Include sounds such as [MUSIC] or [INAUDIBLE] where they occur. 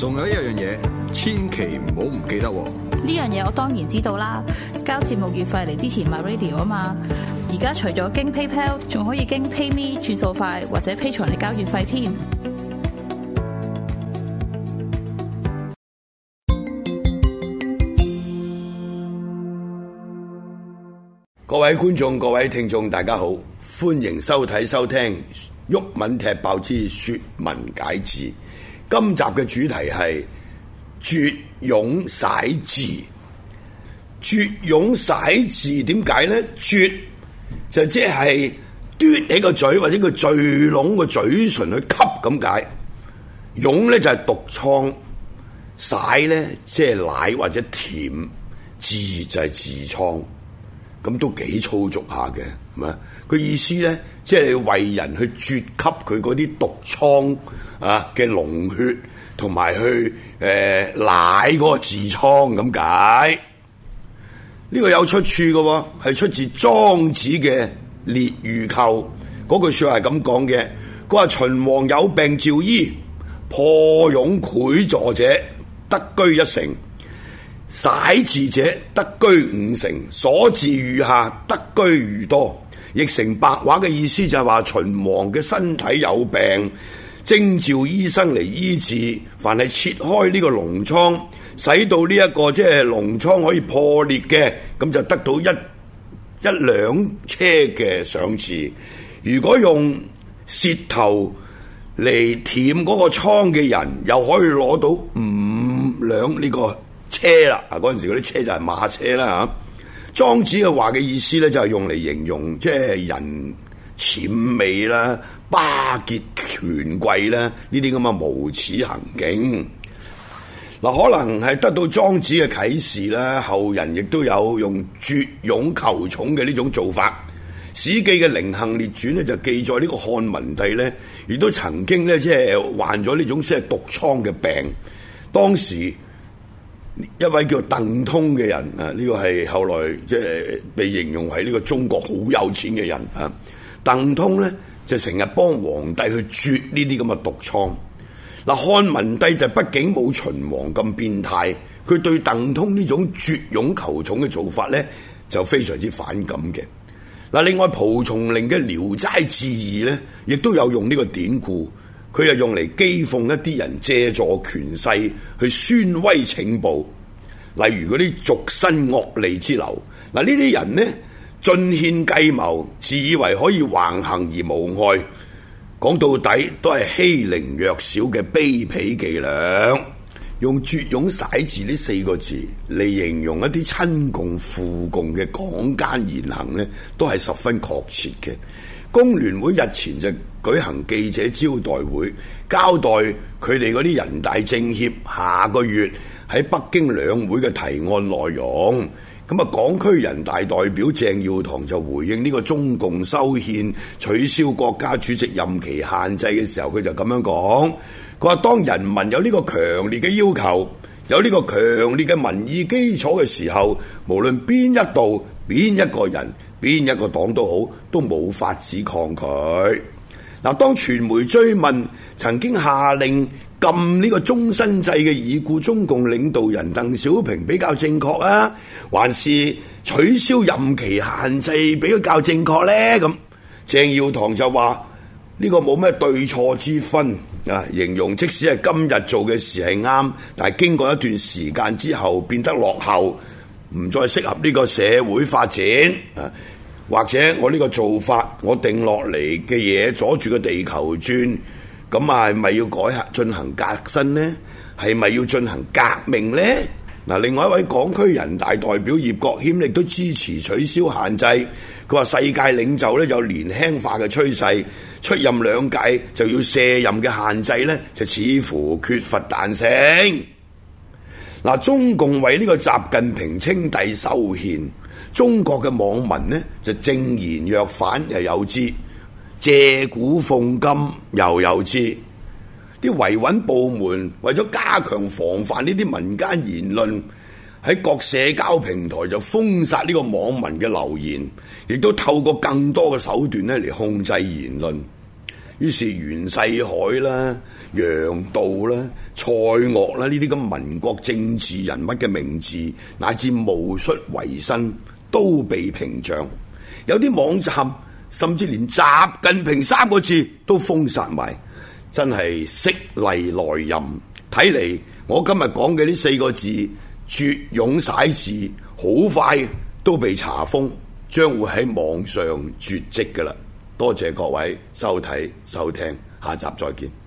仲有一樣嘢，千祈唔好唔記得喎！呢樣嘢我當然知道啦，交節目月費嚟支持 MyRadio 啊嘛！而家除咗經 PayPal，仲可以經 PayMe 轉數快，或者 Patreon 嚟交月費添。 [MUSIC] 各位觀眾、各位聽眾，大家好，歡迎收睇、收聽《毓民踢爆之説文解字》。今集嘅主題係吮癰舐痔，吮癰舐痔點解呢？吮就即係嘟起個嘴或者個聚攏個嘴唇去吸咁解，癰呢，就係毒瘡，舐呢，即係奶或者甜，痔就係痔瘡。咁都幾粗俗下嘅，係嘛？佢意思咧，即係為人去啜吸佢嗰啲毒瘡啊嘅膿血，同埋去誒舐嗰個痔瘡咁解。呢、這個有出處嘅喎，係出自莊子嘅《列御寇》嗰句説話係咁講嘅。佢話秦王有病召醫，破癰潰痤者得居一城。舐痔者得車五乘，所治愈下得車愈多，譯成白話嘅意思就係話，秦王嘅身體有病，徵召醫生嚟醫治。凡係切開呢個膿瘡，使到呢一個即係膿瘡可以破裂嘅，咁就得到一一兩車嘅賞賜。如果用舌頭嚟舔嗰個瘡嘅人，又可以攞到五兩呢個。車啦，嗱嗰陣時嗰啲車就係馬車啦，吓莊子嘅話嘅意思咧，就係用嚟形容即係、就是、人諂媚啦、巴結權貴啦呢啲咁嘅無恥行徑。嗱，可能係得到莊子嘅啟示啦，後人亦都有用吮癰求寵嘅呢種做法。史記嘅佞幸列傳咧，就記載呢個漢文帝咧，亦都曾經咧即係患咗呢種即係毒瘡嘅病，當時。一位叫鄧通嘅人，啊，呢個係後來即係被形容為呢個中國好有錢嘅人啊。鄧通呢，就成日幫皇帝去吮呢啲咁嘅毒瘡。嗱，漢文帝就畢竟冇秦王咁變態，佢對鄧通呢種吮癰求寵嘅做法呢，就非常之反感嘅。嗱，另外蒲松齡嘅《聊齋志異》呢，亦都有用呢個典故。佢又用嚟譏諷一啲人，借助權勢去宣威請報，例如嗰啲俗身惡利之流。嗱，呢啲人呢，盡獻計謀，自以為可以橫行而無害。講到底都係欺凌弱小嘅卑鄙伎倆。用「吮癰舐痔」呢四個字嚟形容一啲親共附共嘅港奸言行呢，都係十分確切嘅。工聯會日前就舉行記者招待會，交代佢哋嗰啲人大政協下個月喺北京兩會嘅提案內容。咁啊，港區人大代表鄭耀棠就回應呢個中共修憲取消國家主席任期限制嘅時候，佢就咁樣講：佢話當人民有呢個強烈嘅要求，有呢個強烈嘅民意基礎嘅時候，無論邊一度、邊一個人，邊一個黨都好，都冇法子抗拒。嗱，當傳媒追問曾經下令禁呢個終身制嘅已故中共領導人鄧小平比較正確啊，還是取消任期限制比較正確呢？咁鄭耀棠就話呢個冇咩對錯之分啊，形容即使係今日做嘅事係啱，但係經過一段時間之後變得落後。唔再適合呢個社會發展啊，或者我呢個做法，我定落嚟嘅嘢阻住個地球轉，咁啊，係咪要改行進行革新呢？係咪要進行革命呢？嗱、啊，另外一位港區人大代表葉國謙亦都支持取消限制，佢話世界領袖咧有年輕化嘅趨勢，出任兩屆就要卸任嘅限制呢，就似乎缺乏彈性。嗱，中共為呢個習近平稱帝修憲，中國嘅網民呢就正言若反，又有之；借古諷今，又有之。啲維穩部門為咗加強防範呢啲民間言論，喺各社交平台就封殺呢個網民嘅留言，亦都透過更多嘅手段咧嚟控制言論。於是袁世凱啦、楊度啦、蔡鍔啦呢啲咁民國政治人物嘅名字，乃至無恥為生都被屏障，有啲網站，甚至連習近平三個字都封殺埋，真係色厲內荏。睇嚟，我今日講嘅呢四個字絕勇」晒市，好快都被查封，將會喺網上絕跡噶啦。多謝各位收睇收聽，下集再見。